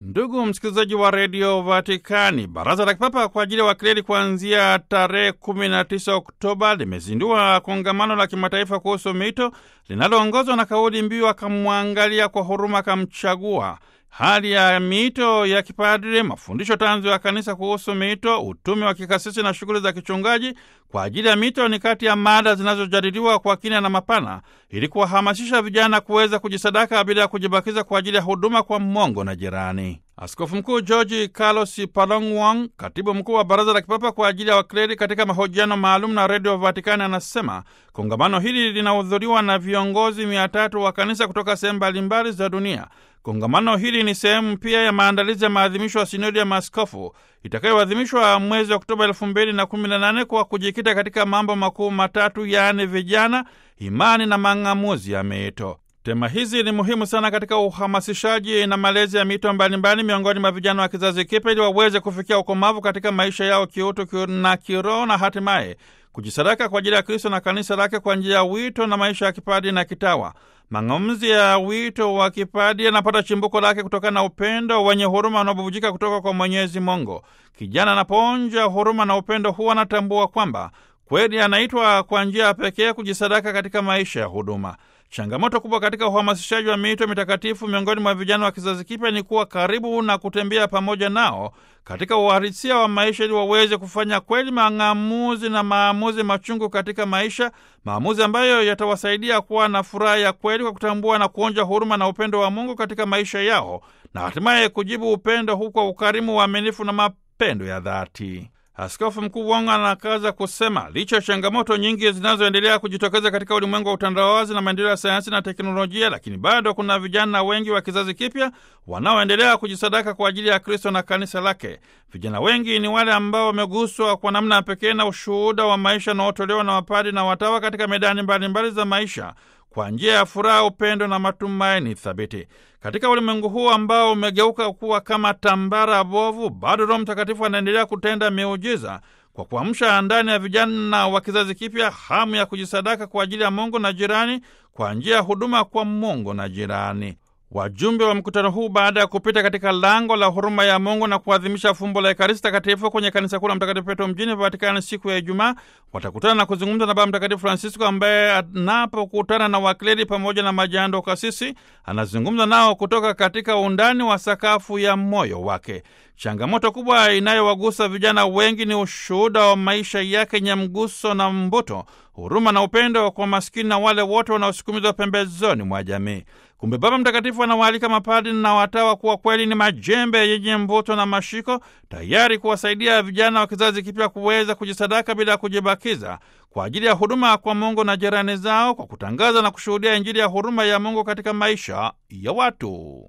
Ndugu msikilizaji wa redio Vatikani, baraza la kipapa kwa ajili ya wakleri kuanzia tarehe 19 Oktoba limezindua kongamano la kimataifa kuhusu mito linaloongozwa na kauli mbiu akamwangalia kwa huruma, akamchagua hali ya miito ya kipadri, mafundisho tanzu ya kanisa kuhusu miito, utume wa kikasisi na shughuli za kichungaji kwa ajili ya miito ni kati ya mada zinazojadiliwa kwa kina na mapana, ili kuwahamasisha vijana kuweza kujisadaka bila ya kujibakiza kwa ajili ya huduma kwa mmongo na jirani. Askofu Mkuu George Carlos Palongwong, katibu mkuu wa Baraza la Kipapa kwa ajili ya Wakleri, katika mahojiano maalum na Redio Vatikani anasema kongamano hili linahudhuriwa na viongozi mia tatu wa kanisa kutoka sehemu mbalimbali za dunia. Kongamano hili ni sehemu pia ya maandalizi ya maadhimisho ya sinodi ya maaskofu itakayoadhimishwa mwezi Oktoba 218 kwa kujikita katika mambo makuu matatu, yaani vijana, imani na mang'amuzi ya mito. Tema hizi ni muhimu sana katika uhamasishaji na malezi ya mito mbalimbali miongoni mwa vijana wa kizazi kipya ili waweze kufikia ukomavu katika maisha yao kiutu na kiroho na hatimaye kujisadaka kwa ajili ya Kristo na kanisa lake kwa njia ya wito na maisha ya kipadi na kitawa. Mang'amzi ya wito wa kipadi yanapata chimbuko lake kutokana na upendo wenye huruma unaobubujika kutoka kwa Mwenyezi Mungu. Kijana anapoonja huruma na upendo huwa anatambua kwamba kweli anaitwa kwa njia ya pekee kujisadaka katika maisha ya huduma. Changamoto kubwa katika uhamasishaji wa miito mitakatifu miongoni mwa vijana wa kizazi kipya ni kuwa karibu na kutembea pamoja nao katika uharisia wa maisha ili waweze kufanya kweli mang'amuzi na maamuzi machungu katika maisha, maamuzi ambayo yatawasaidia kuwa na furaha ya kweli kwa kutambua na kuonja huruma na upendo wa Mungu katika maisha yao na hatimaye kujibu upendo huu kwa ukarimu, uaminifu na mapendo ya dhati. Askofu Mkuu Wanga anakaza kusema licha ya changamoto nyingi zinazoendelea kujitokeza katika ulimwengu wa utandawazi na maendeleo ya sayansi na teknolojia, lakini bado kuna vijana wengi wa kizazi kipya wanaoendelea kujisadaka kwa ajili ya Kristo na kanisa lake. Vijana wengi ni wale ambao wameguswa kwa namna ya pekee na ushuhuda wa maisha unaotolewa na wapadi na watawa katika medani mbalimbali mbali za maisha kwa njia ya furaha, upendo na matumaini thabiti. Katika ulimwengu huu ambao umegeuka kuwa kama tambara bovu, bado Roho Mtakatifu anaendelea kutenda miujiza kwa kuamsha ndani ya vijana wa kizazi kipya hamu ya kujisadaka kwa ajili ya Mungu na jirani, kwa njia ya huduma kwa Mungu na jirani. Wajumbe wa mkutano huu baada ya kupita katika lango la huruma ya Mungu na kuadhimisha fumbo la Ekaristi Takatifu kwenye kanisa kuu la Mtakatifu Petro mjini Vatikani siku ya Ijumaa, watakutana na kuzungumza na Baba Mtakatifu Francisco ambaye anapokutana na wakleri pamoja na majando kasisi, anazungumza nao kutoka katika undani wa sakafu ya moyo wake. Changamoto kubwa inayowagusa vijana wengi ni ushuhuda wa maisha yake yenye mguso na mbuto, huruma na upendo kwa maskini na wale wote wanaosukumizwa pembezoni mwa jamii. Kumbe Baba Mtakatifu anawaalika mapadri na watawa kuwa kweli ni majembe yenye mvuto na mashiko, tayari kuwasaidia vijana wa kizazi kipya kuweza kujisadaka bila ya kujibakiza kwa ajili ya huduma kwa Mungu na jirani zao, kwa kutangaza na kushuhudia Injili ya huruma ya Mungu katika maisha ya watu.